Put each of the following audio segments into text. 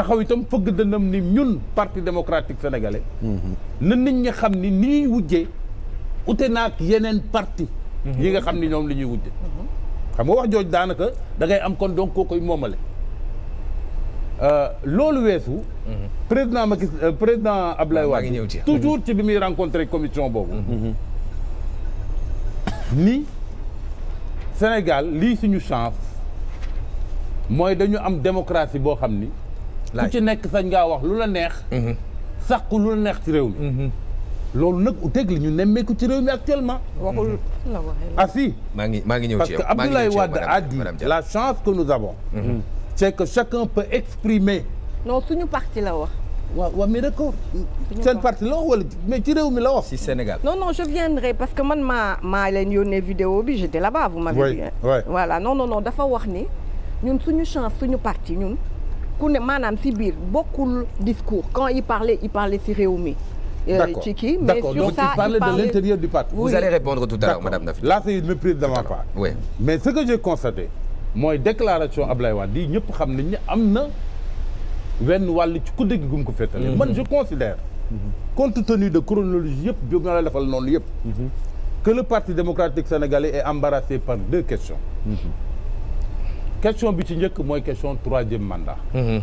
taxaw itam fëgg dënam ni ñun parti démocratique sénégalais. Mhm. na nit ñi xam ni ni ñuy wujjee ute naag yeneen parti mhm. yi nga xam ni ñoom li ñuy wujje mhm. xam nga wax jooj daanaka da ngay am kon donc koo koy moomale. Euh, loolu weesu. président Macky euh, président Abdoulaye Wade toujours ci bi muy rencontré commission boobu. ni Sénégal lii suñu chance mooy dañu am démocratie boo xam ni. ku ci nekk sañ ngaa wax lu la neex mhm. sàq lu neex ci réew mi mhm. loolu nag dégg li ñu nemmeeku ci réew mi actuellement waxul mhm. ah si maa ngi maa ngi ñëw ci yow parce que Abdoulaye Wade a dit la chance ko nous avons c'est que chacun peut exprimer non suñu parti la wax waaw waaw mais d'accord seen parti la wax wala mais ci réew mi la wax si Sénégal non non je viendrai parce que man maa maa leen yónnee vidéo bi j'étais là-bas vous m'avez dit non non non dafa wax ni ñun suñu chance suñu parti ñun ku ne maanaam si biir bokkul discours quand il parlait il parlait si réew mi. Euh, d'accord ci kii mais sur donc ça il parlait de l'intérieur du parti. vous allez répondre tout à l'heure madame de ma part. mais ce que j'ai constaté mooy déclaration Ablaye Wade yi ñëpp xam nañ ne am na wenn wàll ci kudde gi gum ko féetale. Mhm. man je considère mhm. compte tenu de chronologie yëpp jóg na la defal noonu yëpp. Mhm. que le parti démocratique sénégalais est embarrassé par deux questions. question bi ci njëkk mooy question troisième mandat. Mhm.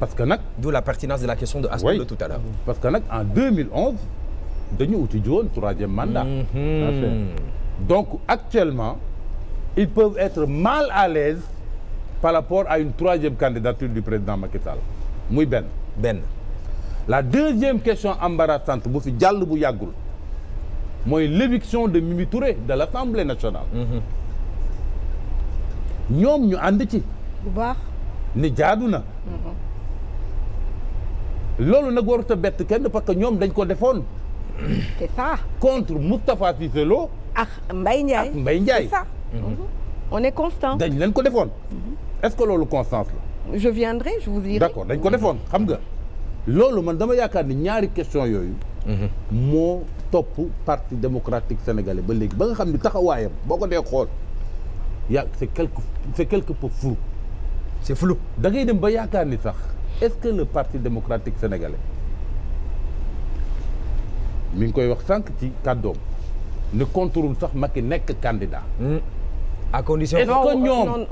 parce que nag. d'où la pertinence de la question de Astou de tout à l'heure parce que nag en 2011 dañu uti jiwoon troisième mandat. Mhm. donc actuellement ils peuvent être mal à l'aise par rapport à une troisième candidature du président Macky Sall muy ben benn la deuxième question embarrassante bu fi jàll bu yàggul mooy l'éviction de Mimi Touré de l'Assemblée nationale. Mhm. ñoom ñu ànd ci. bu ni jaadu na. loolu nag warut a bett kenn parce que ñoom dañ ko defoon. c'est ça. contre Moustapha Cissé Lo. ak Mbaye Ndiaye ak Mbaye Ndiaye. c'est ça. Mhm. Mhm. on est constant. dañ lañ ko defoon. Mhm. est-ce que loolu constance la. je viendrai je vous dirai. d'accord dañ ko defoon xam nga. loolu man dama yaakaar ni ñaari question yooyu. moo topp parti démocratique sénégalais ba léegi ba nga xam ni taxawaayam boo ko dee xool. yaa c' est quelque c' est quelque peu flou. c' est flou dem ba yaakaar ni sax est ce que le parti démocratique sénégalais mu ngi koy wax sànq ci kàddoom ne contrôle sax Macky nekk candidat. Hmm. à condition. est que ñoom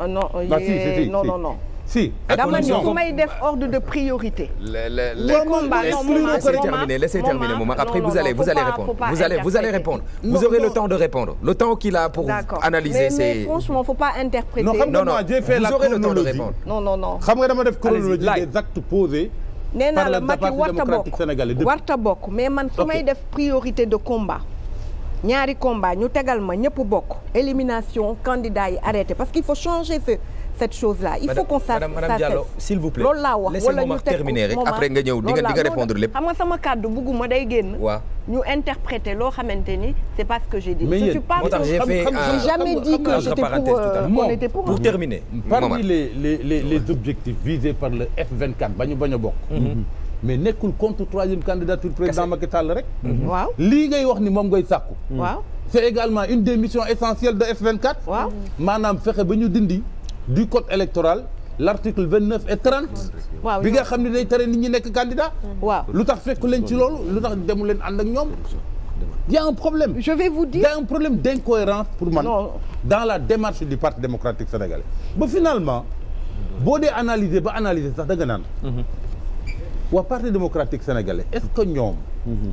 non non non si dama ni ku may def ordre de priorité. les les les laissez terminer laissez terminer moom après vous allez vous allez répondre vous allez vous allez répondre vous aurez le temps de répondre le temps qu'il a pour analyser ces mais franchement faut pas interpréter. non non non vous aurez le temps de répondre non non non xam nga dama def chronologie des actes posés. nee naa la Macky warta bokk warta bokk mais man su may def priorité de combat. ñaari combat ñu tegal ma ñëpp bokk élimination candidat yi arrêté parce qu'il faut changer ce. cette chose-là il faut qu'on sache madame Diallo s'il vous plaît loolu laa wax wala ñu teg terminer rek après nga ñëw di nga di nga répondre lépp xam nga sama kàddu bugguma day génn waaw ñu interpréter loo xamante ni c'est pas ce que j'ai dit je suis pas j'ai jamais dit que j'étais pour euh, qu'on était pour pour terminer parmi les les les objectifs visés par le F24 ba ñu bañ a bokk mhm. Mhm. mais nekkul contre troisième candidature président Macky Sall rek mhm. waaw lii ngay wax ni moom ngay sàkku waaw c'est également une des missions essentielles de F24 waaw maanaam fexe ba ñu dindi du code électoral l'article vingt neuf et trente bi nga xam ne day tere nit ñi nekk candidat waaw lu tax fekk leen ci loolu lu tax demu leen ànd ak ñoom y a un problème je vais vous dire y a un problème d'incohérence pour man dans la démarche du parti démocratique sénégalais ba finalement boo dee analyser ba analyser sax da nga naan mhm. waa parti démocratique sénégalais est-ce que ñoom mhm.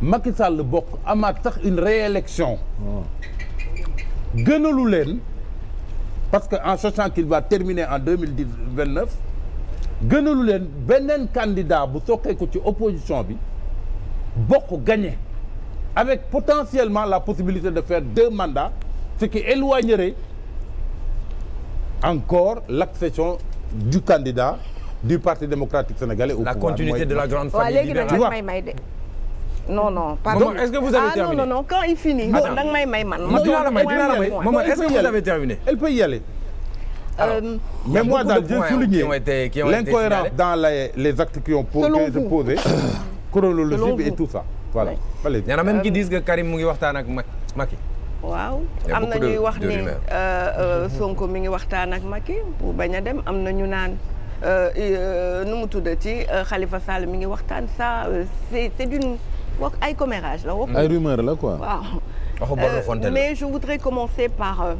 Macky Sall bokk amaat sax une réélection oh. gënalu leen parce que en sachant qu'il va terminer en deux mille vingt neuf gënalu leen beneen candidat bu sokkee ci opposition bi bokk gagné avec potentiellement la possibilité de faire deux mandats ce qui éloignerait encore l'accession du candidat du Parti démocratique sénégalais au pouvoir. La continuité de la grande famille libérale. non non pardon est-ce que vous avez terminé ah non non non quand il may may man. ma dinaa la est-ce que vous avez terminé. elle peut y aller. Euh, mais moi daal j'ai souligné l'incohérence dans les les actes qui ont posé chronologique et tout ça. voilà allez. il y euh, Karim mu ngi waxtaan ak Macky. waaw am na ñuy wax ni euh, Sonko mi ngi waxtaan ak Macky pour bañ a dem am na ñu naan. nu mu ci Khalifa Sall mi ngi waxtaan sa c'est c'est wax ay commérage la wax. ay rumeur la quoi. waaw euh, mais je voudrais commencer par euh,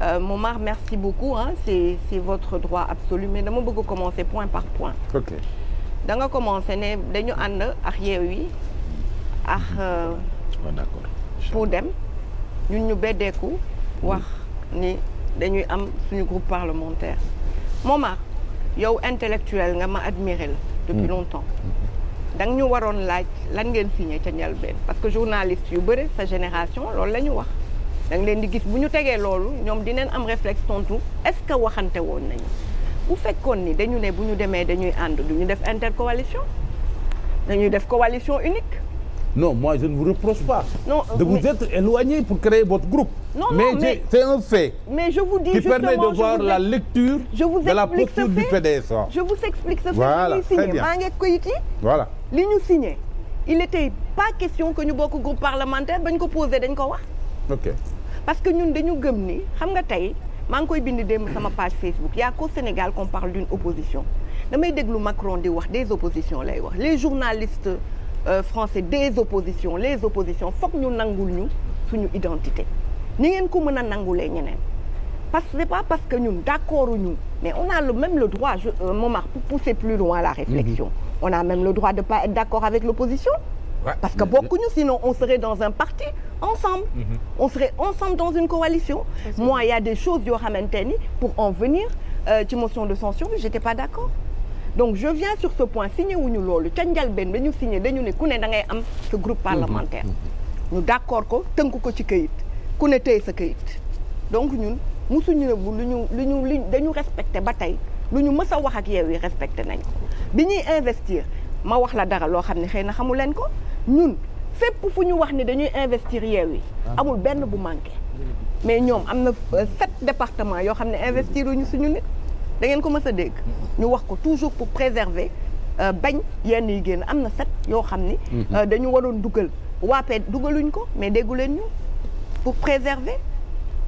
euh, Momar merci beaucoup ah c'est c'est votre droit absolu mais dama bëgg a commencer point par point. ok da nga commencer ne dañu ànd ak Yewwi ak. waaw d'accord pour dem ñun ñu beddeeku wax ni dañuy am suñu groupe parlementaire Momar yow intellectuel nga ma admiré la. depuis mm. longtemps. Mm-hmm. dang ñu waroon laaj lan ngeen signé ca njëlbeen parce que journaliste yu bëri sa génération loolu la ñu wax dang leen di gis bu ñu tegee loolu ñoom di dineen am réflexe tontu est-ce que waxante woon nañu bu fekkoon ni dañu ne bu ñu demee dañuy ànd du ñu def intercoalition dañuy def coalition unique. non moi je ne vous reproche pas. non de vous mais... être éloigné pour créer votre groupe. Non, mais, mais c'est un fait. Mais je vous dis qui permet de voir la lecture je vous de la poursuite du PDS. Je vous explique ce voilà, fait. Voilà, très bien. maa ngi koyit yi. voilà li ñu signé. il était pas question que ñu bokk groupe parlementaire bañ ko posé dañ ko wax. ok parce que ñun dañu gëm ni xam nga tey maa ngi koy bind démb sama page Facebook y a qu'au Sénégal qu'on parle d'une opposition damay déglu Macron di wax des oppositions lay wax les journalistes euh, français des oppositions les oppositions foog ñu nangul ñu suñu identité. ni ngeen ko mën a nangulee ñeneen parce que c'est parce que ñun d'accord ñu mais on a le même le droit je euh, Momar pour pousser plus loin la réflexion mmh. on a même le droit de avec l'opposition parce que bokkuñu sinon on serait dans un parti ensemble mmh. on serait ensemble dans une coalition moi il des choses yoo xamante ni pour en venir euh, ci euh, motion de censure bi j'étais pas d'accord donc je viens sur ce point signé wuñu loolu ca njalbeen dañu signé dañu ne ku ne da ngay am ce groupe mm-hmm. parlementaire mm-hmm. ñu d'accord ko tënk ko ci këyit ku ne tey sa kayit donc ñun musuñu ne bu lu ñu lu ñu lu dañu respecté ba tey lu ñu mës a wax ak yeew yi respecté nañ ko bi ñuy investir ma wax la dara loo xam ne xëy na xamu leen ko ñun fépp fu ñu wax ne dañuy investir yeew yi ah. amul benn bu manqué mais ñoom am na euh, set département yoo xam ne investir ñu suñu nit da ngeen ko mës a dégg ñu wax ko toujours pour préserver euh, bañ yenn yi génn am na sept yoo xam ni mm-hmm. euh, dañu waroon dugal waapee dugaluñ ko mais déggu leen ñu pour préserver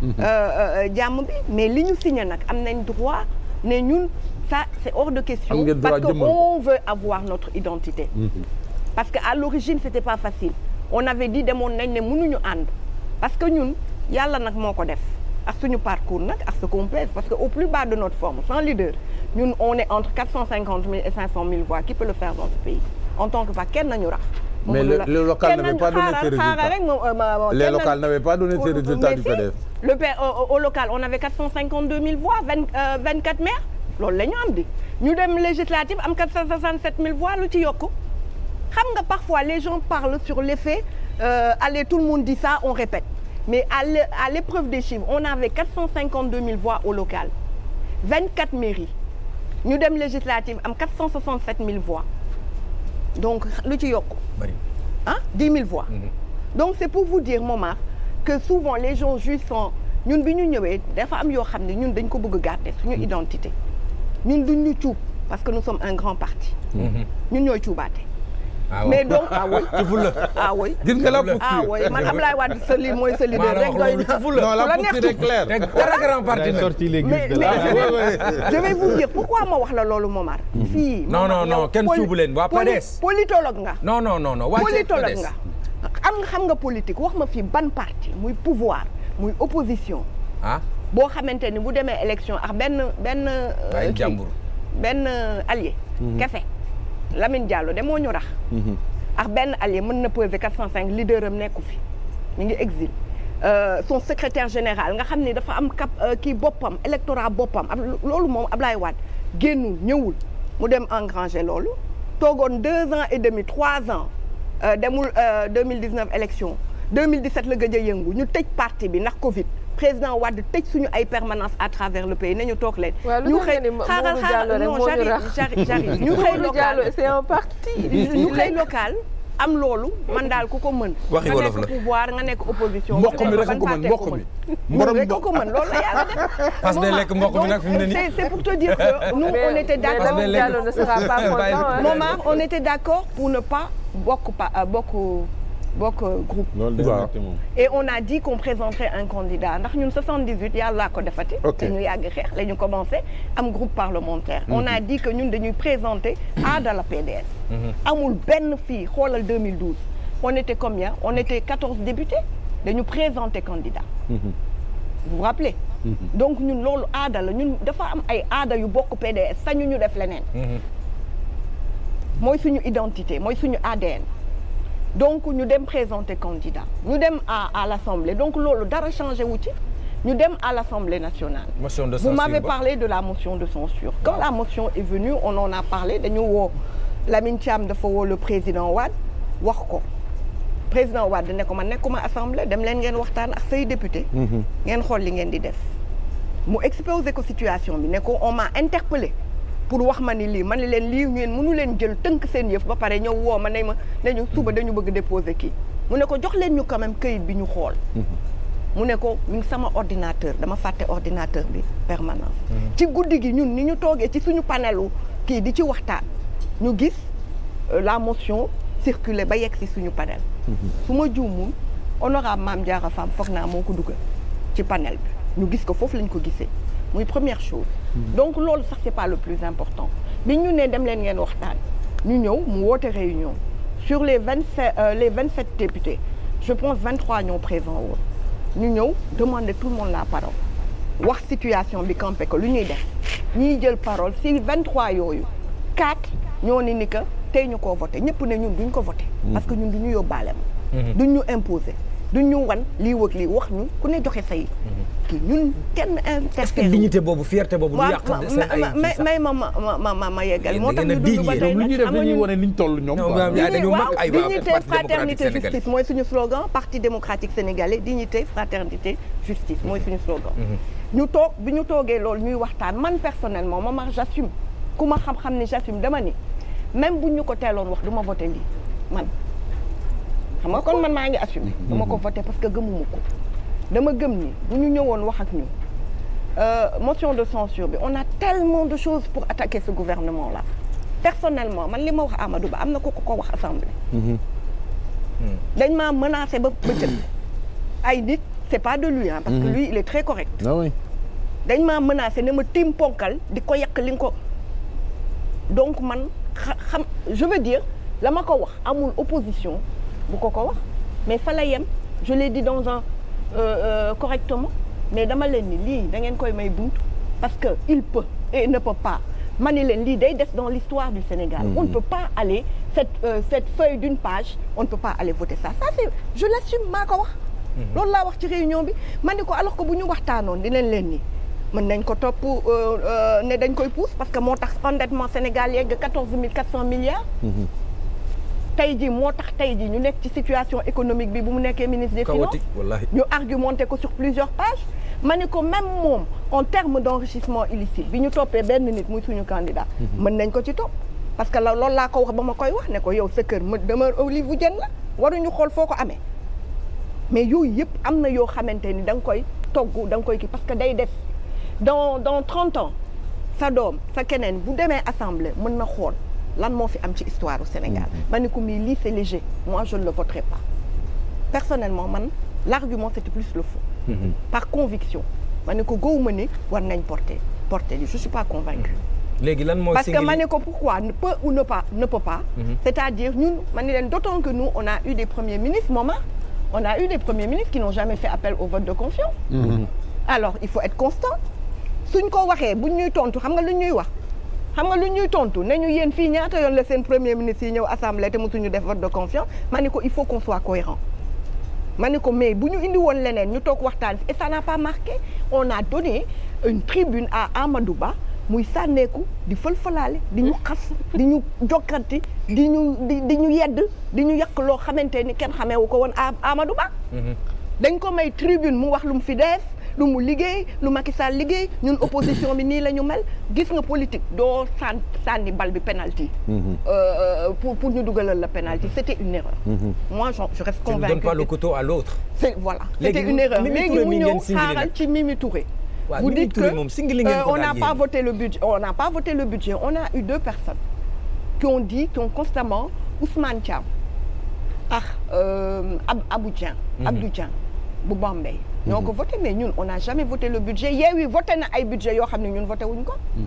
mhm. euh, euh, jàmm bi mais li ñu signé nag am nañ droit ne ñun ça c'est hors de question parce que on veut avoir notre identité mhm. parce que à l'origine c'était pas facile on avait dit demoon nañ ne mënuñu ànd parce que ñun yàlla nag moo ko def ak suñu parcours nag ak ce qu'on pèse parce que au plus bas de notre forme sans leader ñun on est entre quatre cent cinquante mille et cinq qui peut le faire dans ce pays en tant que pas kenn nañu rax mais le, le local n'avait pas donné ses résultats. Euh, les locales n'avaient pas donné ses résultats du PDS. le P au local on avait 452 000 voix 20 24 euh, maires loolu la ñu am di ñu dem législative am 467 000 voix lu ci yokk xam nga parfois les gens parlent sur les faits euh, allez tout le monde dit ça on répète mais à l'épreuve des chiffres on avait 452 000 voix au local 24 mairies ñu dem législative am 467 donc lu ci yokk ah dix mille voix mm-hmm. donc c'est pour vous dire Momar que souvent les gens juste sont ñun bi ñu ñëwee dafa am yoo xam ne ñun dañ ko bëgg garder suñu mm-hmm. identité ñun duñ ñu cuub parce que nous sommes un grand parti mm-hmm. ñun ñooy cuubaate Ah mais donc awoy ci fulla awoy gis nga la awoy man Ablaye Wade sa li mooy sa leader rek doy na non la pouture est claire dara grand parti sorti les de la je vais vous dire pourquoi ma wax la loolu Momar mhm. fii non non non kenn suubu leen waa PDS politologue nga non non non non politologue nga am nga xam nga politique wax ma fii ban parti muy pouvoir muy opposition ah boo xamante ni bu demee élection ak benn benn euh, jàmbur benn euh, allié mhm. kefe Lamine Diallo de moo ñu rax. Mhm. ak benn ali mën na peser 405 leader am nekku fi ñu ngi exil. Euh, son secrétaire général nga xam ne dafa am cap euh, kii boppam électorat boppam ab loolu moom Ablaye waat génnul ñëwul mu dem engranger loolu toogoon deux ans et demi trois ans euh, demul 2019 euh, élection 2017 la gëj a yëngu ñu tëj parti bi ndax Covid. président Wade tëj suñu ay permanence à travers le pays nañu toog leen. ñu xëy xaaral xaaral non j'arrive j'arrive ñu xëy local c'est un parti ñu xëy am loolu man daal ku ko mën. waxi wolof la nga nekk pouvoir nga nekk opposition. mboq mi rek ko mën mboq mi. mborom rek ko mën loolu la yàlla def. parce que lekk mboq mi nag fi mu ne nii. c'est pour te dire que nous on était d'accord. mais ne pas content. Momar bokk pa euh, bokk. bokk groupe. et on a dit qu'on présenterait un candidat ndax ñun 78 yàlla ko defati. ok te ñu yàgg xeex la ñu commencé am groupe parlementaire. on a mhm. dit que ñun dañuy présenter à de PDS. amul benn fii xoolal 2012 on était combien on était 14 députés dañu présenter candidat. Mhm. vous vous rappelez. Mhm. donc ñun loolu aada la ñun dafa am ay aada yu bokk PDS sañu ñu def leneen. mooy suñu identité mooy suñu ADN. donc ñu dem présenter candidat ñu dem à à l'Assemblée donc loolu dara changé wu ci ñu dem à l'Assemblée nationale motion de censure vous m'avez parlé de la motion de censure quand la motion est venue on en a parlé dañu woo Lamine Thiam dafa woo le président Wade wax ko président Wade ne ko man nekkuma assemblée dem leen ngeen waxtaan ak say député mhm. ngeen xool li ngeen di def mu exposé ko situation bi ne ko on m'a interpellé pour wax ma ni lii man ni leen lii ngeen mënu leen jël tënk seen yëf ba pare ñëw woo ma ne ma ne ñu suba dañu bëgg déposer kii mu ne ko jox leen ñu quand même këyit bi ñu xool mhm. mu ne ko sama ordinateur dama fàtte ordinateur bi permanence mhm. ci guddi gi ñun ni ñu toogee ci suñu panelu kii di ci waxtaan ñu gis euh, la motion circuler ba yegg si suñu panel mhm. su ma juumul honorable Mame Diarra Fam foog naa moo ko dugal ci panel bi ñu gis ko foofu lañ ko gisee muy première chose donc loolu sax c'est pas le plus important bi ñu nee dem leen ngeen waxtaan ñu ñëw mu woote réunion sur les vingt sept euh, les vingt sept députés je pense vingt trois ñoo présent woon ñu ñëw demander tout le monde la parole wax situation bi campé ko lu ñuy def ñiy jël parole si vingt trois yooyu quatre ñoo ni ni que tey ñu ko voté ñëpp ne ñun duñ ko voté mm. parce que ñun du ñu yóbbaale ma mm-hmm. duñ ñu imposer du ñu wan lii wëg lii wax ñu ku ne joxe say kii ñun kenn interféré est-ce dignité boobu fierté boobu du yàq seen ay may ma ma ma ma yeggal moo tax ñu dund ba ñuy def dañuy wane niñ toll ñoom waaw dignité fraternité justice mooy suñu slogan parti démocratique sénégalais dignité fraternité justice mooy suñu slogan mhm. ñu toog bi ñu toogee loolu ñuy waxtaan man personnellement ma ma j'assume ku ma xam-xam ne j'assume dama ni même bu ñu ko teeloon wax du ma voté lii man xam nga kon man maa ngi assumé. Mm-hmm. dama ko voté parce que gëmuma ko. dama gëm ni bu ñu ñëwoon wax ak ñun euh, motion de censure bi on a tellement de choses pour attaquer ce gouvernement là personnellement man li ma wax Amadou Ba am na ko ko ko wax assemblée. Mm-hmm. Mm. dañ maa menacé ba bëccëg ay nit c'est pas de lui hein parce que mm-hmm. lui il est très correct. Ah dañ maa menacé ne ma tiim ponkal di ko yàq li nga ko donc man xam je veux dire la ma ko wax amul opposition. bu ko ko wax mais fala la yem je l'ai dit dans un euh, euh, correctement mais dama leen ni lii da ngeen koy may bunt parce que il peut et ne peut pas ma ni leen lii day des dans l'histoire du Sénégal mmh. on ne peut pas aller cette euh, cette feuille d'une page on ne peut pas aller voter ça ça c'est je l'assume maa ko wax mm-hmm. loolu laa wax ci réunion bi ma ni ko alors que bu ñu waxtaanoon dinañ leen ni mën nañ ko topp euh, euh, ne dañ koy pousse parce que moo tax endettement Sénégal yegg 14 400 milliards mmh. tey jii moo tax tey jii ñu nekk ci situation économique bi bu mu nekkee ministre des finances ñu argumenté ko sur plusieurs pages ma ni ko même moom en terme d' enrichissement illicite bi ñu toppee benn nit muy suñu candidat mhm. mën nañ ko ci topp parce que la loolu laa ko wax ba ma koy wax ne ko yow sa kër ma demeure olive bu jën la waruñu xool foo ko amee mais yooyu yëpp am na yoo xamante ni da nga koy togg danga koy kii parce que day def dans dans trente ans sa doom sa keneen bu demee assemblée mën na xool lan moo fi am ci histoire au Sénégal mhm. ma ne ko mii lii c'est léger moi je ne le voterai pas personnellement man l'argument c'était plus le faux mm -hmm. par conviction ma ne ko gowuma ne war nañ porter porter li je suis pas convaincue mhm. lan moo parce que ma ne ko pourquoi ne peut ou ne pas ne peut pas mm -hmm. c'est-à-dire ñun ma ne leen d'autant que nous on a eu des premiers ministres moment on a eu des premiers ministres qui n'ont jamais fait appel au vote de confiance mhm. alors il faut être constant suñ ko waxee buñ ñuy tontu xam nga lu ñuy wax xam nga lu ñuy tontu ne ñu yéen fii ñaata yoon la seen premier ministre yi ñëw assemblée te mosuñu def vote de confiance ma ko il faut qu'on soit cohérent ma ne ko mais bu ñu indi woon leneen ñu toog waxtaan fi et ça n'a pas marqué on a donné une tribune à Amadou Ba muy sànneeku di fël-fëlaale di ñu xas di ñu jokkanti di ñu di ñu yedd di ñu yàq loo xamante ni kenn xamee wu ko woon Amadou Ba mhm. dañ ko may tribune mu wax lu mu fi def lu mu liggéey lu Macky Sall liggéey ñun opposition bi nii la ñu mel gis nga politique doo sàn sànni bal bi penalty. Mhm. Euh, euh, pour pour ñu dugalal la penalty c' était une erreur. Mhm. moi je reste convaincu. tu le couteau à l' autre. c' est voilà c' était une erreur léegi mu ñëw xaaral ci Mimi Touré. vous dites que euh, on n'a pas voté le budget on n'a pas voté le budget on a eu deux personnes qui ont dit constamment Ousmane Thiam ak mhm. Abdou Dieng Abdou Dieng ñoo ko voté mais ñun on n'a jamais voté le budget Yewwi voté na ay budget yoo xam ne ñun voté wuñ ko mhm.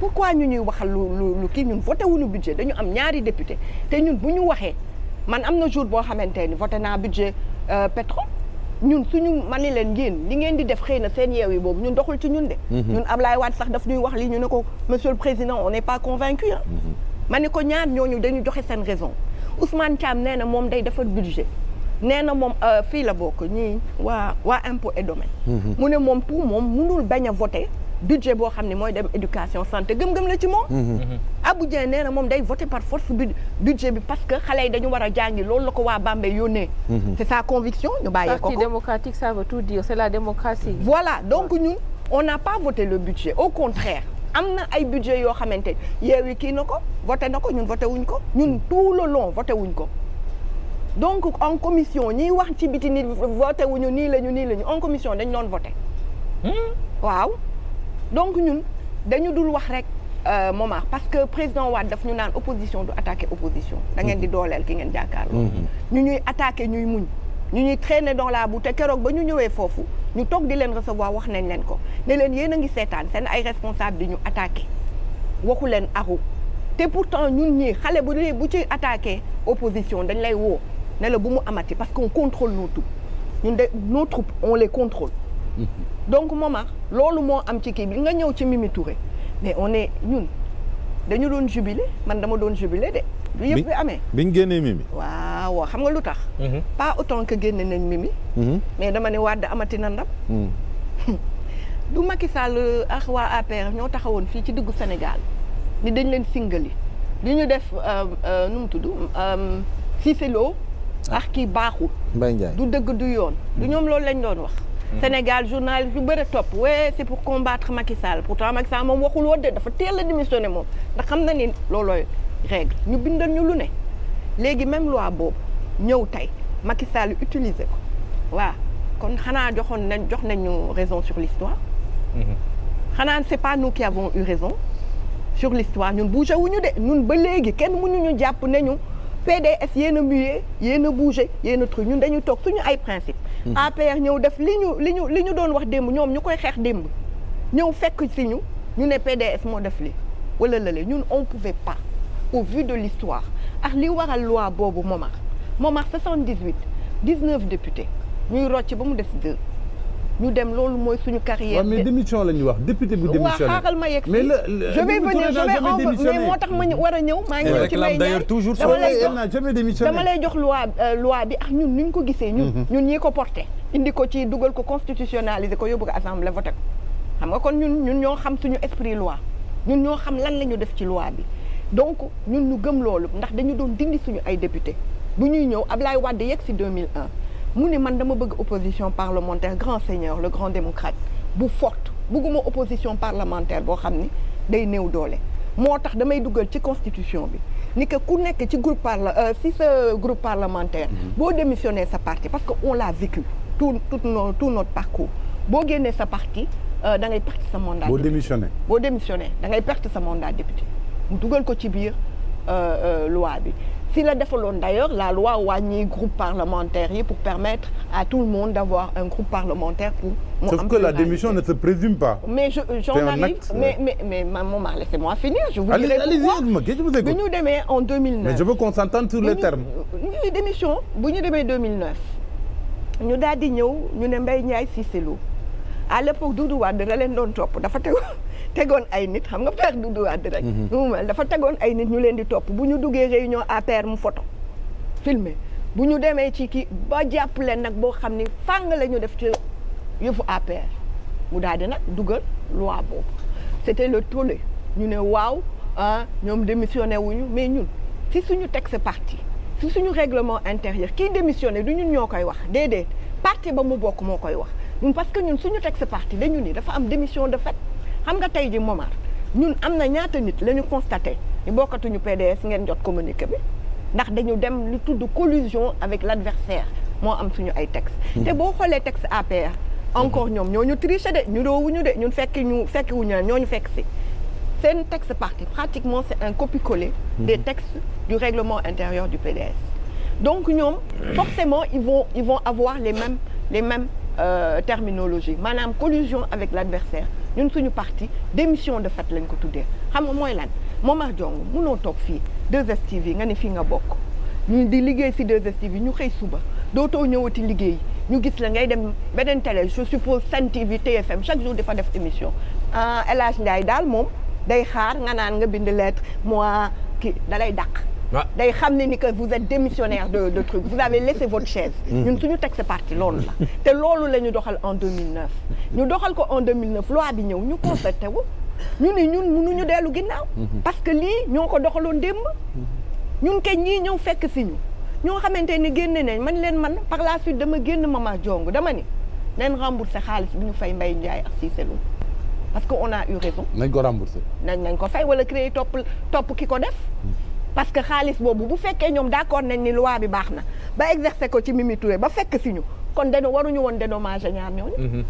pourquoi ñu ñuy waxal lu lu lu kii ñun voté wuñu budget dañu am ñaari député te ñun bu ñu waxee man am na jour boo xamante ni vote na budget euh, pétrole ñun suñu man ni leen ngeen li ngeen di def xëy na seen yeew yi boobu ñun doxul ci ñun de mhm. ñun Ablaye Wade sax daf ñuy wax lii ñu ne ko monsieur le président on n'est pas convaincu ah ma ne ko ñaar ñooñu dañu joxe seen raison Ousmane Thiam nee na moom day defar budget nee na moom euh, fii la bokk ñii waa waa impôt et domaine. Mhm. mu ne moom pour moom munul bañ a voté budget boo xam ne mooy dem éducation santé gëm-gëm la ci moom. Mhm. Mhm. Abou Dieng nee na moom day voté par force bi budget bi parce que xale yi dañu war a jàngi lool la ko waa Bambey yónnee. c' est sa conviction ñu bàyyee ko ko parti démocratique ça veut tout dire c' la démocratie. voilà donc ñun on n'a pas voté le budget au contraire. am na ay budget yoo xamante yeewi kii na ko voté na ko ñun vote wuñ ko ñun tout le long voté wuñ ko. donc en commission ñiy wax ci biti nit voté wuñu nii lañu nii lañu en commission dañ doon voté hmm? waaw donc ñun dañu dul wax rek euh, moment parce que président Wade daf ñu naan opposition du attaquer opposition da ngeen di hmm. dooleel ki ngeen jàkkaarloo hmm. ñu ñuy attaquer ñuy muñ ñu ñuy traîner dans la boue te keroog ba ñu ñëwee foofu ñu toog di leen recevoir wax nañ leen ko ne leen yéen a ngi seetaan seen ay responsable di ñu attaqué waxu leen aru te pourtant ñun ñii xale bu dee bu ci attaqué opposition dañ lay woo ne bu mu amati parce que contrôle nos troupes ñun de nos on les contrôle donc mooma loolu moo am ci kii bi nga ñëw ci Mimi Touré mais on est ñun dañu doon jubilé man dama doon jubilé de lu bi amee biñ génnee Mimi waaw xam nga lu tax mhm. pas autant que génne nañ Mimi mhm. mais dama ne Wade amati na ndam mhm. du Macky Sall euh, ak waa APR ñoo taxawoon fii ci diggu Sénégal ni dañ leen singali li ñu def euh, euh, nu mu tudd Cissé Lo ax kii baaxul du dëgg du yoon du hmm. ñoom loolu lañ doon wax hmm. Sénégal journaliste yu bëri topp wee c'est pour combattre Macky Sall pourtant Macky moom waxul woon de dafa teel a démissionné moom ndax xam na ni loolooy règle ñu bindal ñu lu ne léegi même loi boobu ñëw tey Macky Sall utiliser ko waaw kon xanaa joxoon nañ jox nañu raison sur l'histoire hmm. xanaa c'est pas nous qui avons eu raison sur l'histoire ñun bougé wuñu de ñun ba léegi kenn mënuñu jàpp nañu PDS yéen a mué yéen a bougé yéen a truc ñun dañuy toog suñu ay principe hmm. APR ñëw def li ñu li ñu li ñu doon wax démb ñoom ñu koy xeex démb ñëw fekk si ñu ñu ne PDS moo def li wala lële ñun on pouvait pas au vu de l'histoire ak ah, li waral loi boobu Momar Momar 78 19 députés ñuy rocc ba mu des deux ñu dem loolu mooy suñu carrière. waaw mais démission la ñuy wax député bu démissionné. waaw xaaral ma yegg mais je vais venir je vais en mais moo tax ma war a ñëw. maa ngi ñëw ci may ñaar toujours dama lay jox dama lay jox loi euh, bi ak ah, ñun ni ñu ko gisee. ñun mhm. ñun ñii ko porté. indi ko ci dugal ko constitutionnaliser ko yóbbu ko assemblée voté ko xam nga kon ñun ñun ñoo xam suñu esprit loi ñun ñoo xam lan la ñu def ci loi bi donc ñun ñu gëm loolu ndax dañu doon dindi suñu ay député bu ñuy ñëw Ablaye Wade yegg si 2001. mu ni man dama bëgg opposition parlementaire grand seigneur le grand démocrate bu forte bëgguma opposition parlementaire boo xam ni day néew doole moo tax damay dugal ci constitution bi ni que ku nekk ci groupe parla euh, si sa groupe parlementaire mhm. boo démissionné sa parti parce que on l'a vécu tout tout no tout notre parcours boo génnee sa parti euh, da ngay perte sa mandat boo démissionné boo démissionné dangay ngay perte sa mandat député mu dugal ko ci biir euh, loi bi si la defaloon d'ailleurs la loi wàññi groupe parlementaire yi pour permettre à tout le monde d'avoir un groupe parlementaire pour mu am sauf que la démission ne se présume pas. mais je j'en arrive mais mais mais maman laissez-moi finir. je vous dirai pourquoi bi ñu demee en 2009. mais je veux qu'on s'entende sur les termes. ñu démission bu ñu demee 2009 ñu daal di ñëw ñu ne Mbaye Ndiaye Cissé Lo à l'époque Doudou Wade da leen doon topp dafa tegu. tegoon ay nit xam nga père Doudou Wade rek mhm. mu mel dafa tegoon ay nit ñu leen di topp bu ñu duggee réunion APR mu photo filmé bu ñu demee ci kii ba jàpp leen nag boo xam ni fàng la ñu def ci yëfu APR mu daal nag dugal loi boobu c'était le tollé ñu ne waaw ah ñoom démissionné wuñu mais ñun si suñu texte parti si suñu règlement intérieur kii démissionné du ñun ñoo koy wax déedéet parti ba mu bokk moo koy wax ñun parce que ñun suñu texte parti dañu ni dafa am démission de fait xam nga tey ji Momar ñun am na ñaata nit la ñu constaté ñu bokkatuñu PDS ngeen jot communiqué bi ndax dañu dem lu tudd collision avec l'adversaire moo am suñu ay texte hmm. te boo xoolee à APR encore ñoom ñoo ñu triché de ñu doowuñu de ñun fekki ñu fekki wuñu naan ñoo ñu fekk si seen texte parti pratiquement c'est un copier-coller hmm. des textes du règlement intérieur du PDS donc ñoom forcément ils von ils vont avoir les mêmes les mêmes euh, terminologies maanaam collusion avec l'adversaire ñun suñu parti démission de fait lañ ko tuddee xam nga mooy lan Momar Diong munoo toog fii 2 yi nga ne fii nga bokk ñu di liggéey si 2STV ñu xëy suba dootoo ñëwati liggéey ñu gis la ngay dem beneen tele je suppose Sen TV TFM chaque jour dafa def émission ah, El Hadj Ndiaye daal moom day xaar nga naan nga bindi lettre moi kii da lay dàq. day xam ne ni que vous êtes démissionnaire de de truc vous avez laissé votre chaise. Mm. ñun suñu teg sa parti loolu la. te loolu la ñu doxal en 2009. ñu doxal ko en 2009 loi bi ñëw ñu constaté wu. ñu ne ñun mënuñu dellu ginnaaw. Mm-hmm. parce que lii ñoo ko doxaloon démb. Mm-hmm. ñun ke ñii ñëw fekk si ñu. ñoo xamante ni génn nañ man leen man par la suite dama génn ma mama jong dama ni. nañ remboursé xaalis bu ñu fay Mbaye Ndiaye ak Cissé Lo parce que on a eu raison. nañ ko remboursé. nañ nañ ko fay wala créer topp topp ki ko def. Mm. parce que xaalis boobu bu fekkee ñoom d'accord nañ ni loi bi baax na ba exercer ko ci Mimi Touré ba fekk si ñu kon dañoo waruñu woon dédommager ñaar ñooñu. Mhm.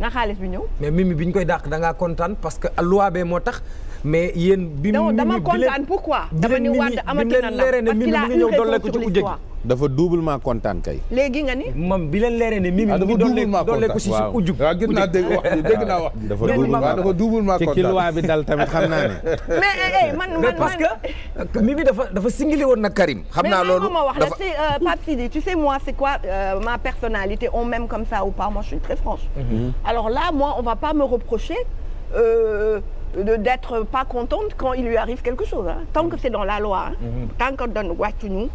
na xaalis bi ñëw. mais Mimi bi ñu koy dàq da ngaa kontaan parce que loi bee moo tax. mais yéen bi Mimi non dama kontaan pourquoi. dama ni wàdd amati na la parce que il a une raison sur l'histoire dafa doublement kontaan kay. léegi nga ni. moom bi leen leeree ne. mimi ah, dafa doublement kontaan si si ujub. waaw ah, gis naa dégg wax dégg naa wax. dafa doublement dafa doublement kontaan ci loi bi dal tamit xam naa ne. mais eh, eh, man man parce que mimi dafa dafa singili woon na Karim. xam naa loolu mais wax la si euh, Pape Sidi tu sais moi c'est quoi euh, ma personnalité on m'aime comme ça ou pas moi je suis très franche. Mhm. alors là moi on va pas me reprocher. Euh, de d'être pas contente quand il lui arrive quelque chose hein tant que c'est dans la loi hein mhm. tant que dañu wàccuñu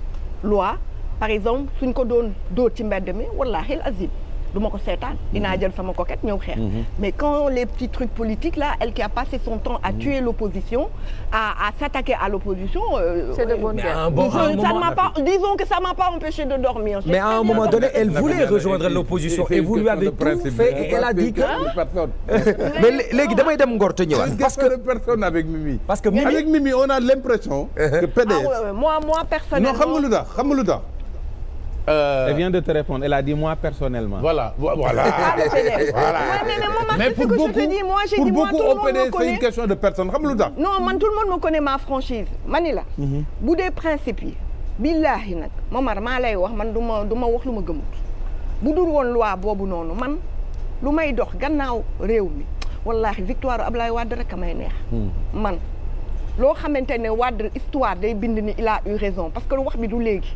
loi par exemple suñ ko doon dóor ci mbedd mi wallaahi azim du ma ko seetaan dinaa mhm. jël sama coquette ñëw xeex mhm. mais quand les petits trucs politiques là elle qui a passé son temps à mhm. tuer l'opposition à s'attaquer à l'opposition euh, que ça m'a pas empêché de dormir mais à un moment donné elle voulait rejoindre l'opposition et vous lui avez elle a dit que ah, mais léegi damay dem ngor te ñëwaat parce que personne avec Mimi parce que Mimi on a l'impression que PDS ah, moi xam nga lu e Elle vient de te répondre. Elle a dit moi personnellement. Voilà, voilà. Ah, le PDS. voilà. Ouais, mais, mais, moi, mais pour beaucoup, je te dis, moi, j'ai dit de personne. Xam lu tax. Non, man tout le monde me connaît ma franchise. Manila. Mhm. bu dee principe yi. billahi nag Momar maa lay wax man du ma du ma wax lu ma gëmut. bu dul woon loi boobu noonu man lu may dox gannaaw réew mi wallahi victoire Ablaye Wade rek a may neex. Mhm. man loo xamante ne Wade histoire day bind ni il a eu raison parce que lu wax bi du léegi.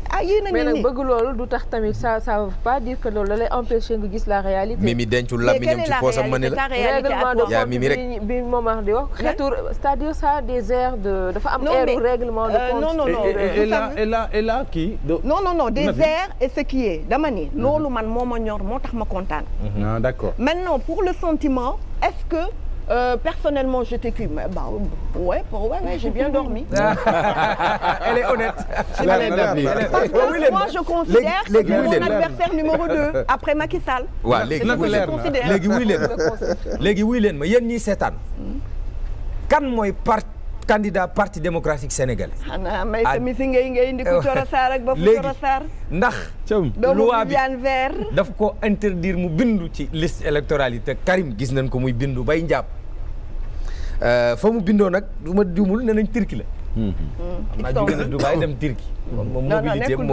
ah yéen a ngi bëgg loolu du tax tamit ça ça veut pas dire que loolu la lay empêcher nga gis la réalité. mimi dencul làmmiñam ci la règlement de compte bi bi moom wax di wax. à dire de dafa am airu règlement de euh, compte. non non non et là et des airs et ce qui est dama ni. Mhm. loolu man moo ma ñor moo tax ma kontaan. Mhm. ah d'accord maintenant pour le sentiment est-ce que. Euh, personnellement, j'étais cuit. Mais bah, ouais, ouais, ouais j'ai bien dormi. Elle est honnête. Est la, je considère que c'est léegi wuy leen léegi wuy leen léegi ma yéen ñii seetaan. Hmm. kan mooy parti parti démocratique sénégalais. xanaa may ah. sa misi ngay ngay indi eh, ak ba fu Coro Sarr. ndax. loi bi daf ko interdire mu bindu ci liste électorale Karim gis nañ ko muy bindu bay njàpp. Euh, fa mu bindoo nag du ma juumul ne nañ Turquie la. Hmm. Hmm. am naa jóge na Dubaï dem Turquie. non non